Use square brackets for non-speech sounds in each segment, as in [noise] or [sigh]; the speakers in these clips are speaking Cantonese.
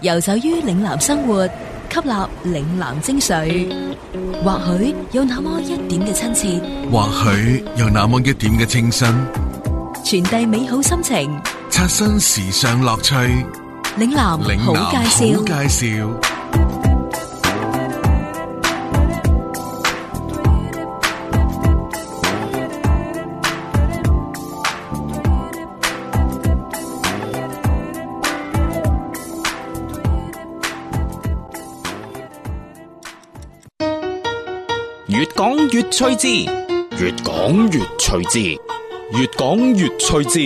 遊走於嶺南生活，吸納嶺南精髓，或許有那麼一點嘅親切，或許有那麼一點嘅清新，傳遞美好心情，刷新時尚樂趣。嶺南好介紹。隨之越講越隨之。越講越隨之。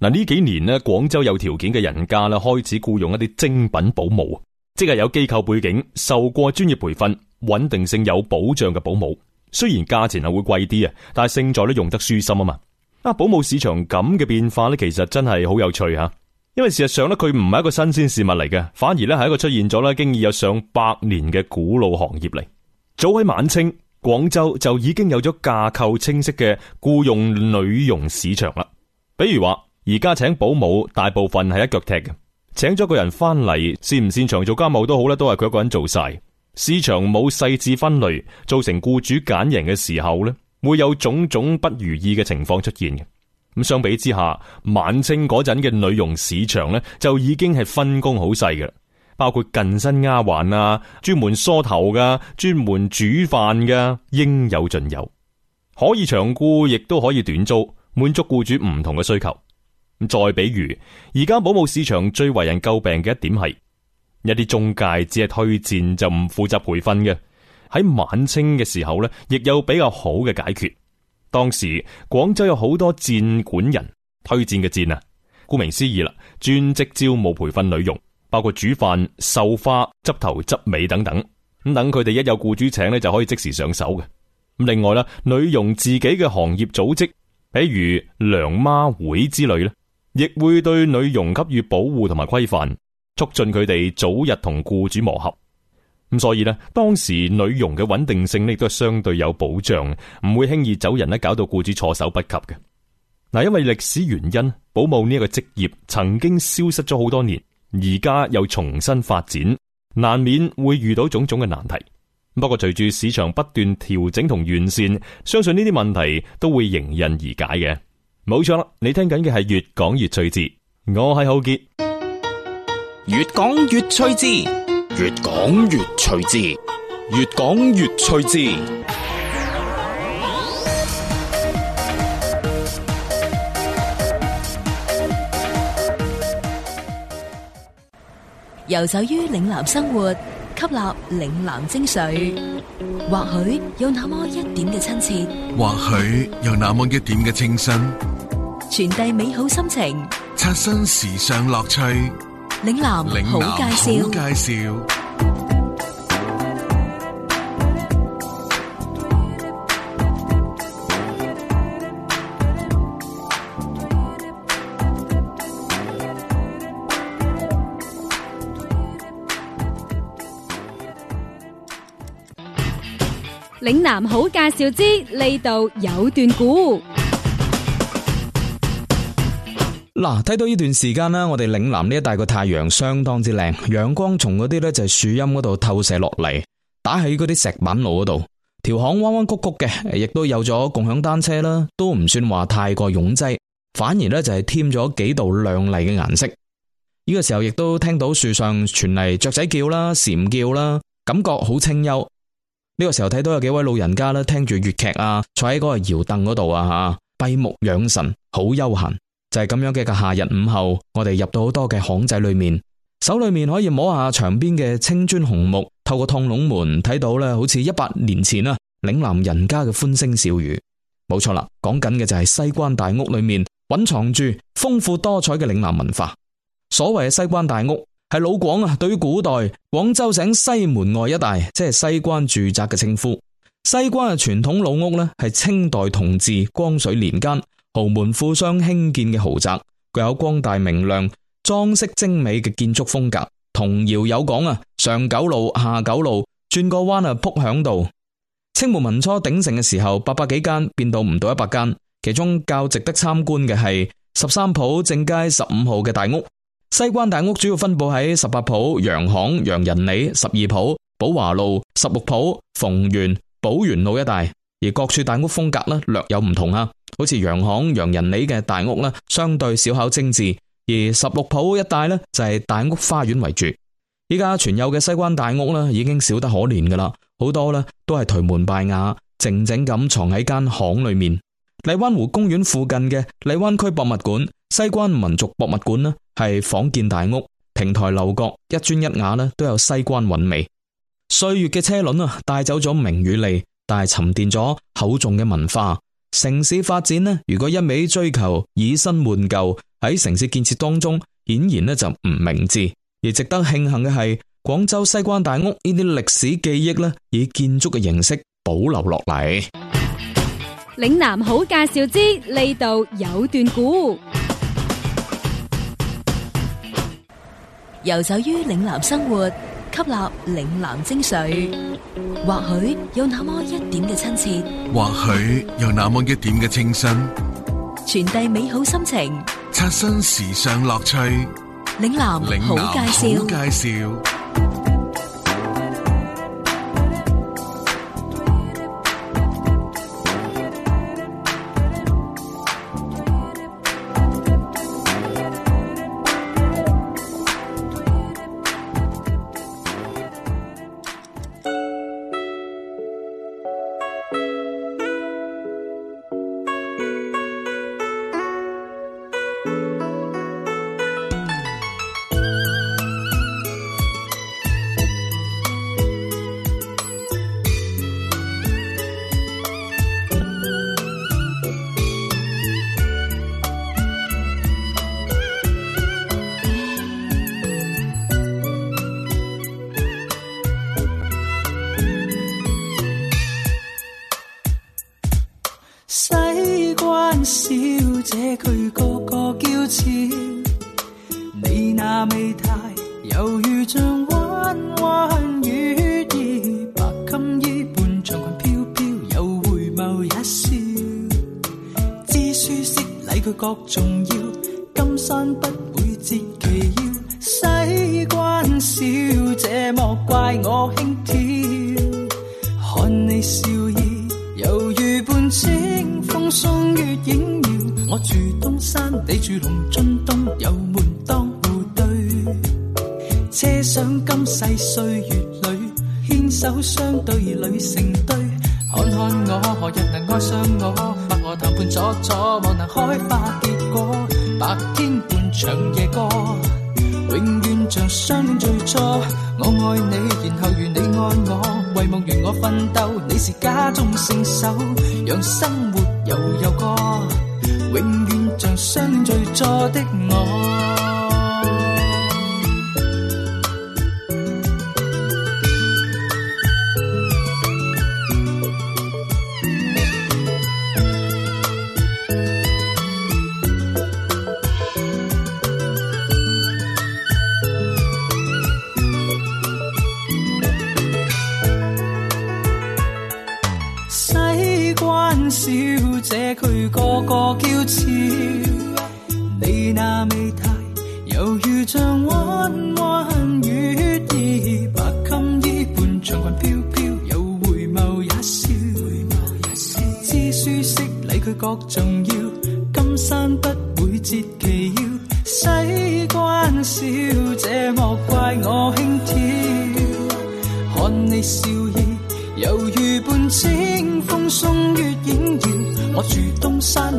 嗱呢幾年呢，廣州有條件嘅人家呢，開始雇傭一啲精品保姆，即係有機構背景、受過專業培訓、穩定性有保障嘅保姆。雖然價錢係會貴啲啊，但係勝在都用得舒心啊嘛。啊，保姆市場咁嘅變化咧，其實真係好有趣吓，因為事實上咧，佢唔係一個新鮮事物嚟嘅，反而咧係一個出現咗咧，經已有上百年嘅古老行業嚟。早喺晚清，廣州就已經有咗架構清晰嘅僱傭女傭市場啦。比如話，而家請保姆大部分係一腳踢嘅，請咗個人翻嚟，擅唔擅長做家務都好咧，都係佢一個人做晒。市場冇細緻分類，造成僱主揀型嘅時候咧。會有種種不如意嘅情況出現嘅。咁相比之下，晚清嗰陣嘅女傭市場呢，就已經係分工好細嘅啦，包括近身丫鬟啊，專門梳頭噶，專門煮飯噶，應有盡有，可以長僱，亦都可以短租，滿足僱主唔同嘅需求。咁再比如，而家保姆市場最為人詬病嘅一點係，一啲中介只係推薦就唔負責培訓嘅。喺晚清嘅時候呢，亦有比較好嘅解決。當時廣州有好多戰館人推薦嘅戰啊，顧名思義啦，專職招募培訓女傭，包括煮飯、繡花、執頭、執尾等等。咁等佢哋一有雇主請呢，就可以即時上手嘅。咁另外啦，女傭自己嘅行業組織，比如娘媽會之類呢，亦會對女傭給予保護同埋規範，促進佢哋早日同雇主磨合。咁所以呢，當時女傭嘅穩定性咧，亦都相對有保障，唔會輕易走人咧，搞到雇主措手不及嘅。嗱，因為歷史原因，保姆呢一個職業曾經消失咗好多年，而家又重新發展，難免會遇到種種嘅難題。不過，隨住市場不斷調整同完善，相信呢啲問題都會迎刃而解嘅。冇錯啦，你聽緊嘅係《越講越趣字，我係浩傑，越講越趣字。越講越趣致，越講越趣致。遊走於嶺南生活，吸納嶺南精髓，或許有那麼一點嘅親切，或許有那麼一點嘅清新，傳遞美好心情，刷新時尚樂趣。嶺南好介紹，嶺南好介紹。嶺南好介紹之呢度有段古。嗱，睇到呢段時間啦，我哋嶺南呢一帶個太陽相當之靚，陽光從嗰啲咧就係樹蔭嗰度透射落嚟，打喺嗰啲石板路嗰度，條巷彎彎曲曲嘅，亦都有咗共享單車啦，都唔算話太過擁擠，反而咧就係添咗幾道亮麗嘅顏色。呢個時候亦都聽到樹上傳嚟雀仔叫啦、蟬叫啦，感覺好清幽。呢個時候睇到有幾位老人家啦，聽住粵劇啊，坐喺嗰個搖凳嗰度啊，吓閉目養神，好悠閒。就係咁樣嘅一個夏日午後，我哋入到好多嘅巷仔裏面，手裏面可以摸下牆邊嘅青磚紅木，透過趟櫳門睇到啦，好似一百年前啊嶺南人家嘅歡聲笑語。冇錯啦，講緊嘅就係西關大屋裏面蘊藏住豐富多彩嘅嶺南文化。所謂嘅西關大屋，係老廣啊對於古代廣州省西門外一帶即係西關住宅嘅稱呼。西關嘅傳統老屋呢，係清代同治、光緒年間，豪門富商興建嘅豪宅，具有光大明亮、裝飾精美嘅建築風格。童謠有講啊，上九路、下九路轉個彎啊，撲響度。清末民初鼎盛嘅時候，八百幾間變到唔到一百間。其中較值得參觀嘅係十三鋪正街十五號嘅大屋。西關大屋主要分布喺十八鋪洋行、洋人里、十二鋪寶華路、十六鋪逢源寶源路一帶。而各處大屋風格咧略有唔同啊，好似洋行、洋人里嘅大屋啦，相對小巧精致；而十六鋪一帶咧就係大屋花園為主。依家全有嘅西關大屋咧已經少得可憐噶啦，好多咧都係頹門敗瓦，靜靜咁藏喺間巷裏面。荔灣湖公園附近嘅荔灣區博物館、西關民俗博物館咧係仿建大屋、亭台樓閣，一磚一瓦咧都有西關韻味。歲月嘅車輪啊帶走咗名與利。但係沉澱咗厚重嘅文化，城市發展呢？如果一味追求以新換舊，喺城市建設當中，顯然呢就唔明智。而值得慶幸嘅係，廣州西關大屋呢啲歷史記憶咧，以建築嘅形式保留落嚟。嶺南好介紹之，呢度有段古，游走於嶺南生活。吸納嶺南精髓，或許有那麼一點嘅親切，或許有那麼一點嘅清新，傳遞美好心情，刷新時尚樂趣。嶺南好介紹。覺重要，金山不會折其腰。西關小姐莫怪我輕佻，看你笑意猶如半清風送月影搖。我住東山，你住龍。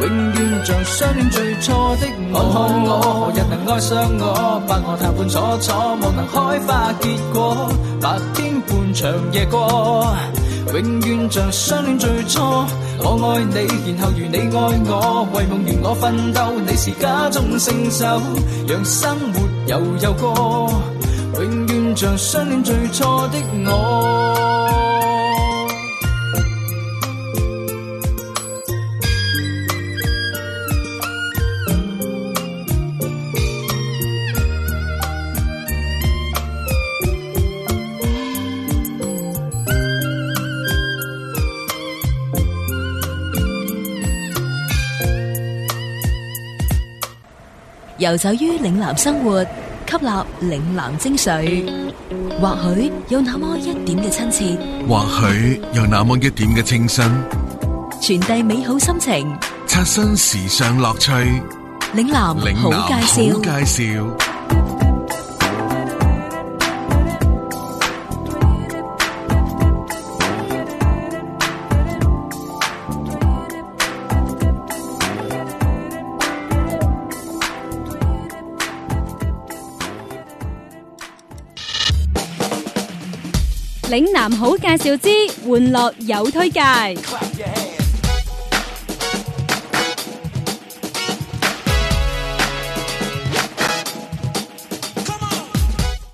永遠像相戀最初的我，看我，何日能愛上我？白鵝潭畔坐坐，無能開花結果。白天半長夜過，永遠像相戀最初。我愛你，然後如你愛我，為夢願我奮鬥，你是家中聖手，讓生活悠悠過。永遠像相戀最初的我。遊走於嶺南生活，吸納嶺南精髓，或許有那麼一點嘅親切，或許有那麼一點嘅清新，傳遞美好心情，刷新時尚樂趣。嶺南，好介紹，好介紹。嶺南好介紹之，玩樂有推介。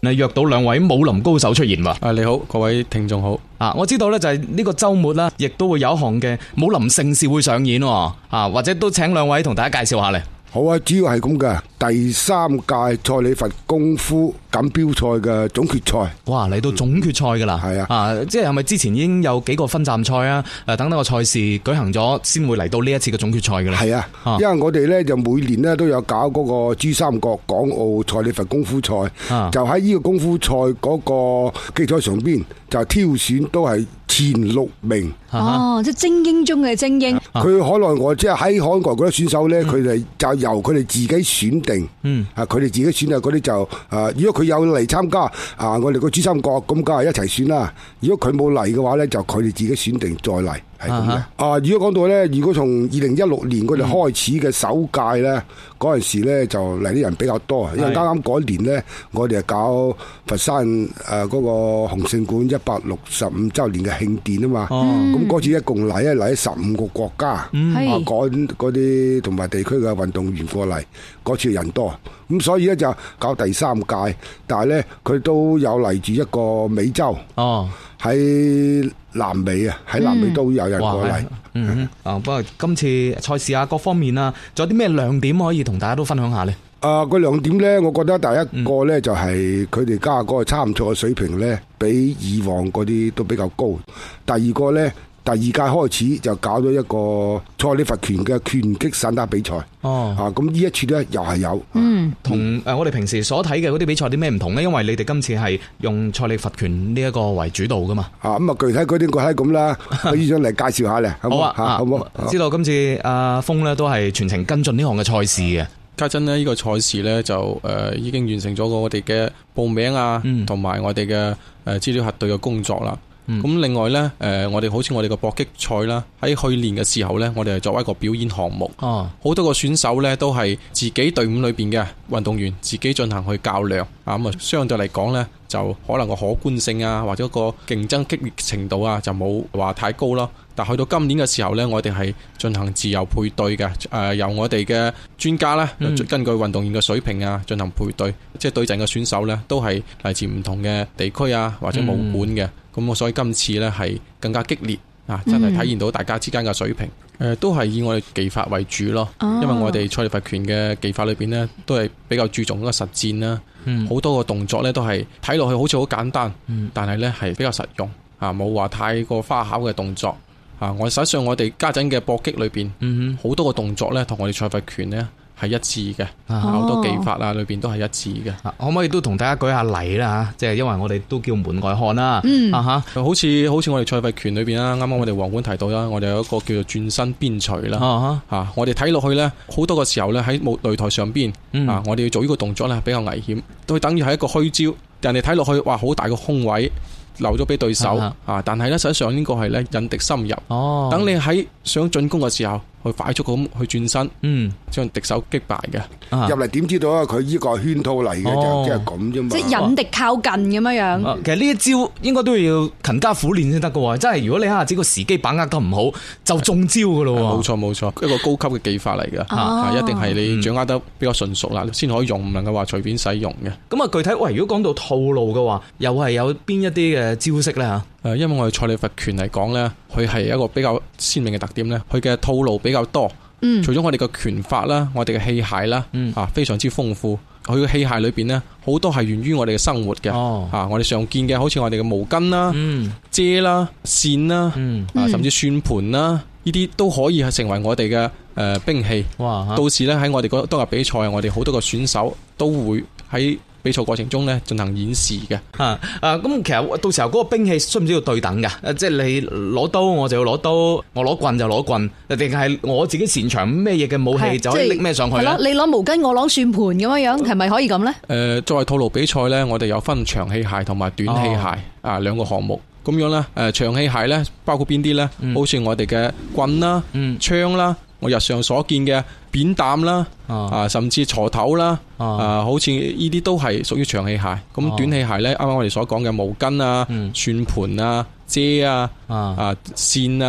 嚟，約到兩位武林高手出現嘛？誒，你好，各位聽眾好。啊，我知道咧，就係呢個周末啦，亦都會有一項嘅武林盛事會上演。啊，或者都請兩位同大家介紹下咧。好啊，主要係咁㗎。第三屆蔡李佛功夫錦標賽嘅總決賽，哇！嚟到總決賽噶啦，係啊，啊，即係係咪之前已經有幾個分站賽啊？誒，等等個賽事舉行咗，先會嚟到呢一次嘅總決賽噶啦。係啊，啊因為我哋咧就每年咧都有搞嗰個珠三角港澳蔡李佛功夫賽，啊、就喺呢個功夫賽嗰個基礎上邊就挑選都係前六名。啊、哈哦，即係精英中嘅精英。佢、啊、可能我即係喺韓國嗰啲選手咧，佢哋就由佢哋自己選定。嗯，啊，佢哋自己選啊，嗰啲就啊。如果佢有嚟參加啊，呃，我哋個珠三角咁，梗係一齊選啦。如果佢冇嚟嘅話咧，就佢哋自己選定再嚟。啊！如果講到咧，如果從二零一六年佢哋開始嘅首屆咧，嗰陣時咧就嚟啲人比較多啊，因為啱啱嗰年咧，我哋係搞佛山誒嗰個紅勝館一百六十五周年嘅慶典啊嘛，咁嗰次一共嚟一嚟，十五個國家，啊，趕嗰啲同埋地區嘅運動員過嚟，嗰次人多，咁所以咧就搞第三屆，但係咧佢都有嚟住一個美洲，喺。南美啊，喺南美都有人過嚟、嗯。嗯， [laughs] 啊，不過今次賽事啊，各方面啊，仲有啲咩亮點可以同大家都分享下呢？啊、呃，個亮點咧，我覺得第一個咧就係佢哋家下個參賽嘅水平咧，比以往嗰啲都比較高。第二個咧。第二屆開始就搞咗一個蔡李佛拳嘅拳擊散打比賽。哦，啊，咁呢一次呢，又係有。嗯，同誒我哋平時所睇嘅嗰啲比賽啲咩唔同呢？因為你哋今次係用蔡李佛拳呢一個為主導噶嘛。啊，咁啊，具體嗰啲具體咁啦，可以生嚟介紹下咧。好，好啊，好，嗎啊好啊。知道、啊、今次阿峰呢都係全程跟進呢項嘅賽事嘅。家珍呢，呢個賽事呢就誒已經完成咗個我哋嘅報名啊，同埋我哋嘅誒資料核對嘅工作啦、嗯。嗯咁另外呢，誒我哋好似我哋個搏擊賽啦，喺去年嘅時候呢，我哋係作為一個表演項目，好多個選手呢都係自己隊伍裏邊嘅運動員自己進行去較量，啊，咁啊相對嚟講呢，就可能個可觀性啊或者個競爭激烈程度啊就冇話太高咯。但去到今年嘅時候呢，我哋係進行自由配對嘅，誒由我哋嘅專家呢，嗯、根據運動員嘅水平啊，進行配對，即係對陣嘅選手呢，都係嚟自唔同嘅地區啊，或者武館嘅，咁我所以今次呢，係更加激烈啊，真係體現到大家之間嘅水平。誒都係以我哋技法為主咯，因為我哋蔡李佛拳嘅技法裏邊呢，都係比較注重嗰個實戰啦，好多個動作呢，都係睇落去好似好簡單，嗯、但係呢，係比較實用啊，冇話太過花巧嘅動作。啊！我實際上我哋家陣嘅搏擊裏邊，嗯哼，好多個動作咧，同我哋蔡佛拳呢係一致嘅，好、oh. 多技法啊，裏邊都係一致嘅。Oh. 可唔可以都同大家舉下例啦？吓，即係因為我哋都叫門外漢啦，啊哈、mm hmm.，好似好似我哋蔡佛拳裏邊啦，啱啱我哋黃館提到啦，我哋有一個叫做轉身邊錘啦，吓、uh，huh. 我哋睇落去咧，好多個時候咧喺擂台上邊，啊、mm，hmm. 我哋要做呢個動作咧比較危險，都等於係一個虛招，人哋睇落去哇，好大個空位。留咗俾對手啊！的但係咧，實際上呢個係咧引敵深入，哦，等你喺想進攻嘅時候。去快速咁去轉身，嗯，將敵手擊敗嘅入嚟，點、啊、知道啊？佢依個圈套嚟嘅，哦、就即係咁啫嘛。即係引敵靠近咁樣樣。其實呢一招應該都要勤加苦練先得嘅，真係如果你一下子個時機把握得唔好，就中招嘅咯。冇錯冇錯，一個高級嘅技法嚟嘅、啊、一定係你掌握得比較純熟啦，先、嗯、可以用，唔能夠話隨便使用嘅。咁啊，具體喂，如果講到套路嘅話，又係有邊一啲嘅招式咧吓？誒，因為我哋蔡李佛拳嚟講呢，佢係一個比較鮮明嘅特點呢，佢嘅套路比較多。嗯，除咗我哋嘅拳法啦，我哋嘅器械啦，啊、嗯，非常之豐富。佢嘅器械裏邊呢、哦啊，好多係源於我哋嘅生活嘅。哦，我哋常見嘅，好似我哋嘅毛巾啦、遮啦、嗯、扇啦，線嗯嗯、甚至算盤啦，呢啲都可以係成為我哋嘅誒兵器。到時呢，喺我哋嗰當日比賽，我哋好多個選手都會喺。比賽過程中咧進行演示嘅，啊，咁其實到時候嗰個兵器需唔需要對等噶？誒，即係你攞刀，我就要攞刀，我攞棍就攞棍，定係我自己擅長咩嘢嘅武器就可以拎咩、就是、上去？係咯，你攞毛巾，我攞算盤咁樣樣，係咪可以咁咧？誒、呃，再套路比賽咧，我哋有分長器械同埋短器械啊兩、哦、個項目。咁樣咧，誒，長器械咧包括邊啲咧？嗯，好似我哋嘅棍啦，嗯，槍啦。我日常所見嘅扁擔啦，啊，甚至鋤頭啦，啊，啊，好似呢啲都係屬於長器械。咁、啊、短器械呢，啱啱我哋所講嘅毛巾啊、算盤、嗯、啊、遮啊、啊，啊線啊，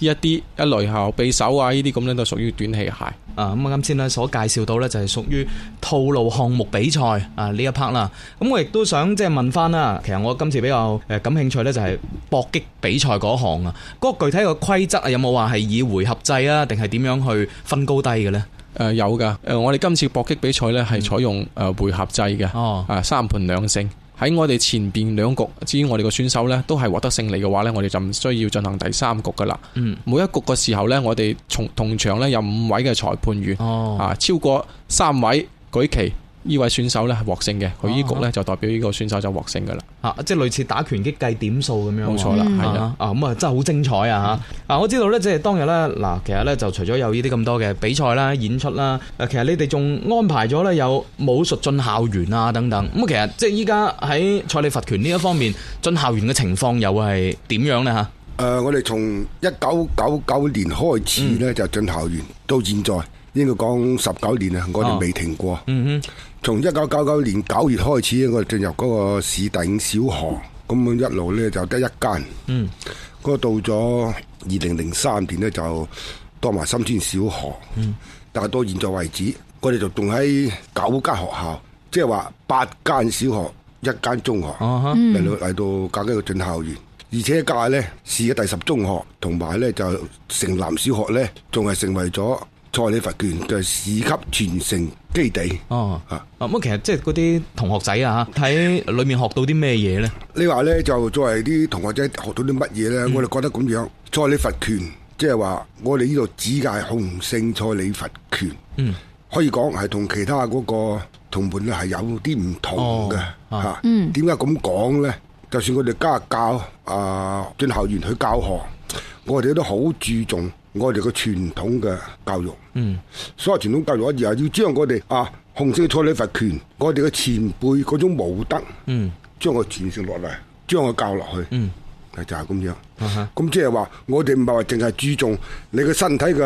呢一啲一類後匕首啊，呢啲咁咧都屬於短器械。啊，咁啊，啱先，咧所介紹到呢，就係屬於套路項目比賽啊呢一 part 啦。咁、啊、我亦都想即係問翻啦，其實我今次比較誒感興趣呢，就係搏擊比賽嗰項啊。嗰、那個具體個規則啊有冇話係以回合制啊，定係點樣去分高低嘅呢？誒、呃，有㗎。誒，我哋今次搏擊比賽呢，係採用誒回合制嘅。哦、嗯。啊，三盤兩勝。喺我哋前邊兩局，至於我哋個選手呢，都係獲得勝利嘅話呢，我哋就唔需要進行第三局噶啦。嗯，每一局嘅時候呢，我哋從同場呢有五位嘅裁判員，啊，哦、超過三位舉旗。呢位選手呢，係獲勝嘅，佢呢局呢，就代表呢個選手就獲勝噶啦。吓，即係類似打拳擊計點數咁樣。冇錯啦，係啊。啊，咁、嗯、啊、啊、嗯、真係好精彩啊！吓、嗯啊，啊我知道呢，即係當日呢，嗱，其實呢，就除咗有呢啲咁多嘅比賽啦、演出啦，其實你哋仲安排咗呢，有武術進校園啊等等。咁、嗯嗯、其實即係依家喺蔡李佛拳呢一方面進校園嘅情況又係點樣呢？吓，誒，我哋從一九九九年開始呢，嗯、就進校園，到現在應該講十九年啊，我哋未停過。哦、嗯哼。從一九九九年九月開始，我哋進入嗰個市第五小學，咁樣一路咧就得一間。嗯，嗰到咗二零零三年咧就當埋深村小學。嗯，但係到現在為止，我哋就仲喺九間學校，即係話八間小學，一間中學嚟、啊嗯、到嚟到教個進校園。而且屆咧市嘅第十中學，同埋咧就城南小學咧，仲係成為咗。蔡李佛拳就嘅、係、市級傳承基地。哦，吓，咁其實即係嗰啲同學仔啊，睇裏面學到啲咩嘢咧？你話咧就作為啲同學仔學到啲乜嘢咧？嗯、我哋覺得咁樣，蔡李佛拳即係話我哋呢度指嘅係洪聖蔡李佛拳、嗯哦，嗯，可以講係同其他嗰個同伴係有啲唔同嘅，吓，嗯，點解咁講咧？就算我哋家教啊，進校園去教學，我哋都好注重。我哋個傳統嘅教育，嗯，所謂傳統教育我而係要將我哋啊鴻勝嘅蔡李佛拳，我哋嘅前輩嗰種武德，嗯，將佢傳承落嚟，將佢教落去，嗯，就係咁樣，咁即係話我哋唔係話淨係注重你個身體嘅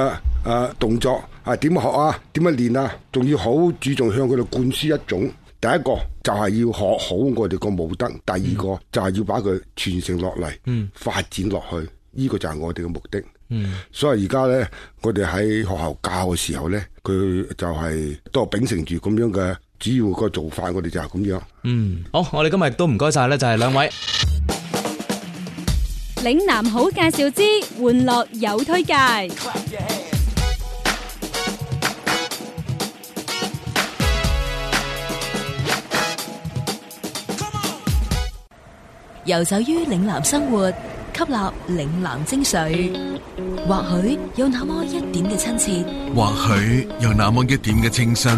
誒、啊、動作啊點學啊點樣練啊，仲要好注重向佢哋灌輸一種，第一個就係、是、要學好我哋個武德，第二個、嗯、就係要把佢傳承落嚟，嗯，發展落去，呢個就係我哋嘅目的。所以而家咧，我哋喺學校教嘅時候咧，佢就係都係秉承住咁樣嘅主要個做法，我哋就係咁樣。嗯，好，我哋今日都唔該晒咧，就係兩位。嶺南好介紹之，玩樂有推介，游走於嶺南生活。吸納嶺南精髓，或許有那麼一點嘅親切，或許有那麼一點嘅清新，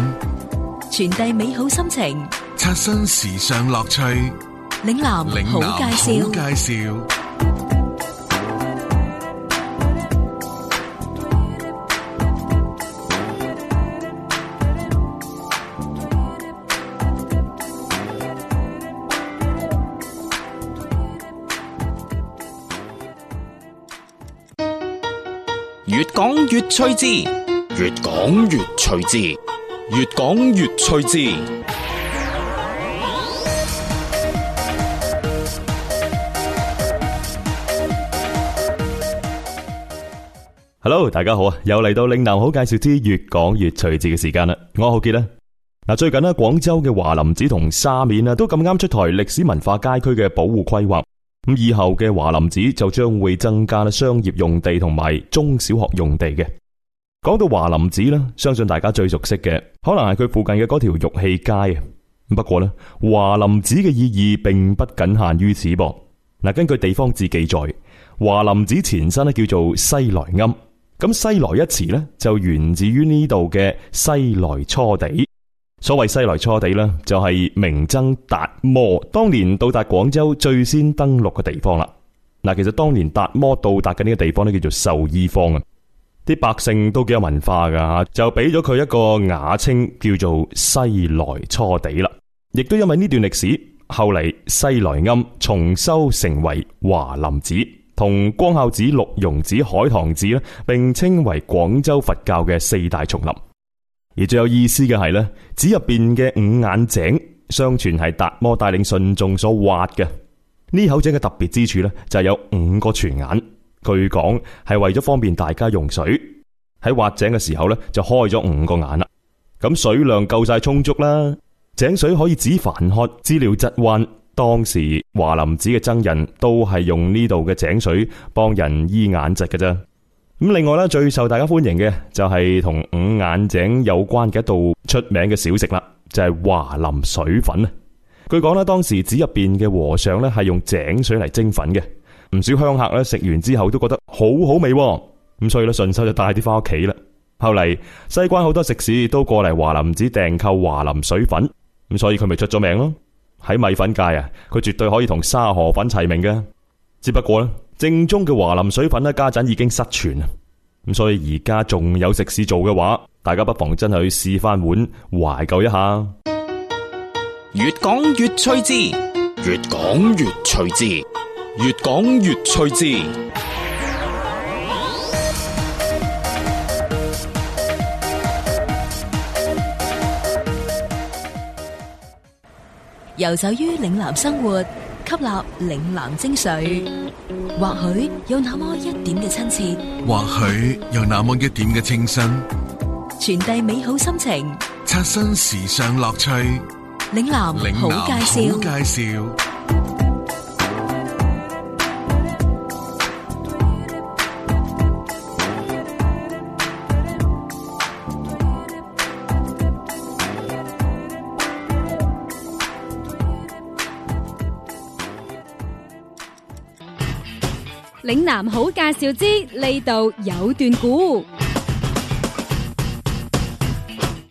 傳遞美好心情，刷新時尚樂趣。嶺南好介紹，好介紹。講越趣致，越講越趣致，越講越趣致。Hello，大家好啊，又嚟到嶺南好介紹之越講越趣致嘅時間啦。我係浩杰啦。嗱，最近咧，廣州嘅華林寺同沙面啊，都咁啱出台歷史文化街區嘅保護規劃。咁以後嘅華林寺就將會增加商業用地同埋中小學用地嘅。講到華林寺呢，相信大家最熟悉嘅可能係佢附近嘅嗰條玉器街啊。不過呢，華林寺嘅意義並不僅限於此噃。嗱，根據地方志記載，華林寺前身呢叫做西來庵。咁西來一詞呢，就源自於呢度嘅西來初地。所謂西來初地呢，就係名僧達摩當年到達廣州最先登陸嘅地方啦。嗱，其實當年達摩到達嘅呢個地方呢叫做壽衣坊啊，啲百姓都幾有文化噶，就俾咗佢一個雅稱，叫做西來初地啦。亦都因為呢段歷史，後嚟西來庵重修成為華林寺，同光孝寺、六榕寺、海棠寺呢並稱為廣州佛教嘅四大叢林。而最有意思嘅係呢寺入邊嘅五眼井，相傳係達摩帶領信眾所挖嘅。呢口井嘅特別之處呢，就係有五個泉眼。據講係為咗方便大家用水，喺挖井嘅時候呢，就開咗五個眼啦。咁水量夠晒充足啦，井水可以止煩渴、治療疾患。當時華林寺嘅僧人都係用呢度嘅井水幫人醫眼疾嘅啫。咁另外咧，最受大家歡迎嘅就係同五眼井有關嘅一道出名嘅小食啦，就係華林水粉啊！據講咧，當時寺入邊嘅和尚咧係用井水嚟蒸粉嘅，唔少香客咧食完之後都覺得好好味，咁所以咧順手就帶啲翻屋企啦。後嚟西關好多食肆都過嚟華林寺訂購華林水粉，咁所以佢咪出咗名咯。喺米粉界啊，佢絕對可以同沙河粉齊名嘅，只不過咧。正宗嘅華林水粉咧，家陣已經失傳啊！咁所以而家仲有食肆做嘅話，大家不妨真係去試翻碗，懷舊一下。越講越趣致，越講越趣致，越講越趣致。遊走於嶺南生活。吸納嶺南精髓，或許有那麼一點嘅親切，或許有那麼一點嘅清新，傳遞美好心情，刷新時尚樂趣。嶺南好介紹，嶺南好介紹。嶺南好介紹之，呢度有段古。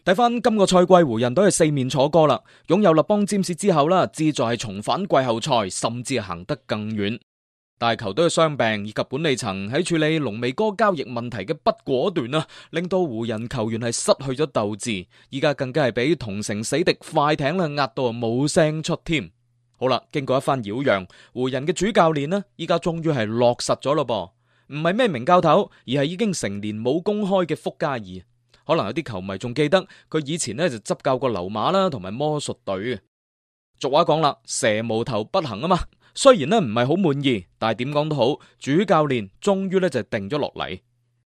睇返今個賽季，湖人隊係四面楚歌啦。擁有勒邦、占士之後啦，志在係重返季後賽，甚至係行得更遠。但係球隊嘅傷病以及管理層喺處理濃眉哥交易問題嘅不果斷啊，令到湖人球員係失去咗鬥志。依家更加係俾同城死敵快艇啦壓到冇聲出添。好啦，經過一番擾攘，湖人嘅主教練呢，依家終於係落實咗咯噃，唔係咩名教頭，而係已經成年冇公開嘅福加爾，可能有啲球迷仲記得佢以前呢就執教過溜馬啦，同埋魔術隊。俗話講啦，蛇無頭不行啊嘛。雖然呢唔係好滿意，但係點講都好，主教練終於呢就定咗落嚟。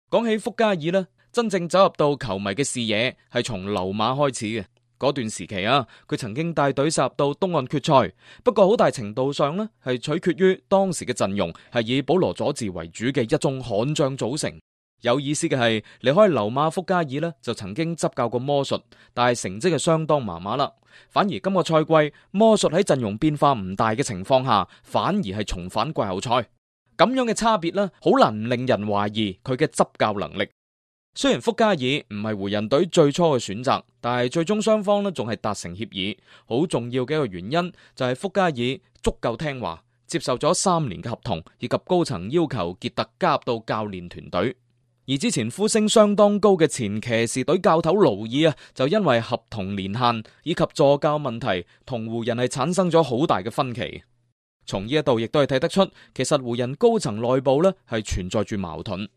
講起福加爾呢，真正走入到球迷嘅視野係從溜馬開始嘅。嗰段時期啊，佢曾經帶隊殺入到東岸決賽，不過好大程度上呢，係取決於當時嘅陣容，係以保羅佐治為主嘅一眾悍將組成。有意思嘅係，離開流馬福加爾呢，就曾經執教過魔術，但係成績係相當麻麻啦。反而今個賽季魔術喺陣容變化唔大嘅情況下，反而係重返季後賽。咁樣嘅差別呢，好難令人懷疑佢嘅執教能力。雖然福加爾唔係湖人隊最初嘅選擇，但係最終雙方呢仲係達成協議。好重要嘅一個原因就係福加爾足夠聽話，接受咗三年嘅合同，以及高層要求傑特加入到教練團隊。而之前呼聲相當高嘅前騎士隊教頭勞爾啊，就因為合同年限以及助教問題，同湖人係產生咗好大嘅分歧。從呢一度亦都係睇得出，其實湖人高層內部呢係存在住矛盾。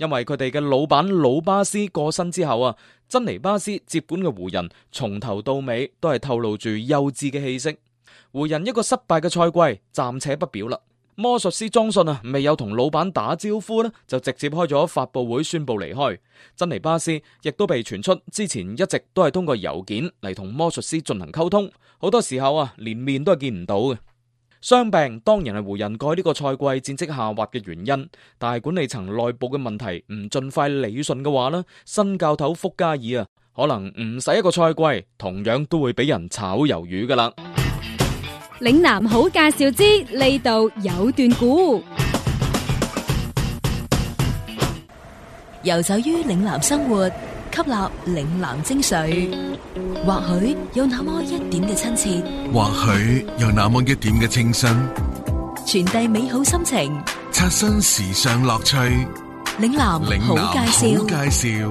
因為佢哋嘅老闆老巴斯過身之後啊，珍妮巴斯接管嘅湖人，從頭到尾都係透露住幼稚嘅氣息。湖人一個失敗嘅賽季，暫且不表啦。魔術師莊信啊，未有同老闆打招呼呢，就直接開咗發佈會宣佈離開。珍妮巴斯亦都被傳出之前一直都係通過郵件嚟同魔術師進行溝通，好多時候啊連面都係見唔到嘅。傷病當然係湖人該呢個賽季戰績下滑嘅原因，但係管理層內部嘅問題唔盡快理順嘅話，呢新教頭福加爾啊，可能唔使一個賽季，同樣都會俾人炒魷魚噶啦。嶺南好介紹之，呢度有段古，游走於嶺南生活。吸納嶺南精髓，或許有那麼一點嘅親切，或許有那麼一點嘅清新，傳遞美好心情，刷新時尚樂趣。嶺南，嶺南好介紹。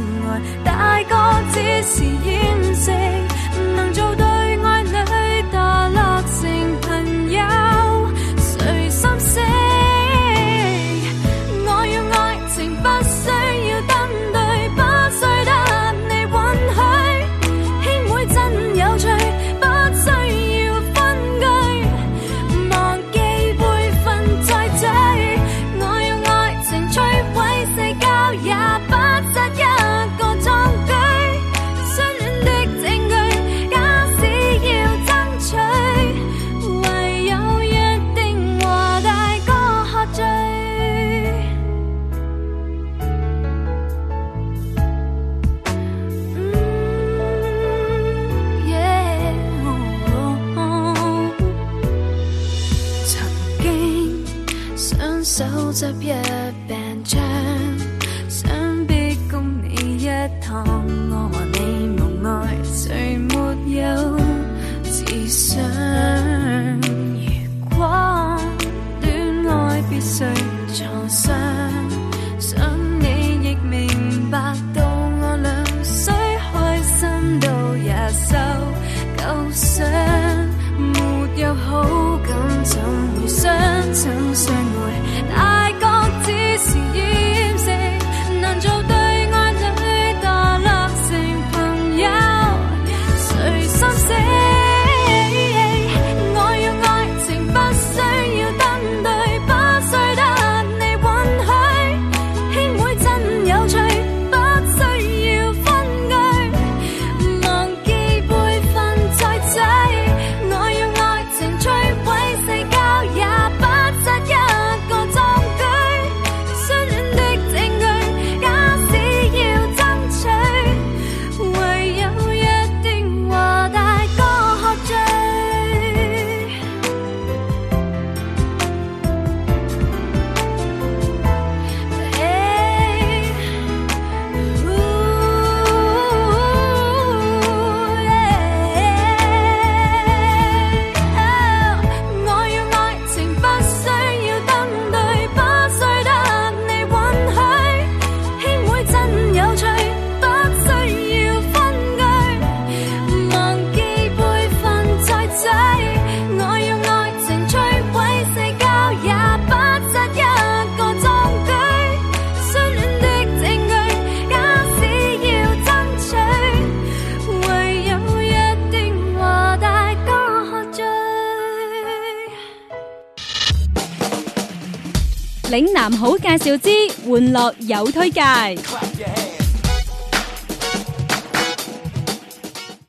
大哥只是掩飾。樂有推介。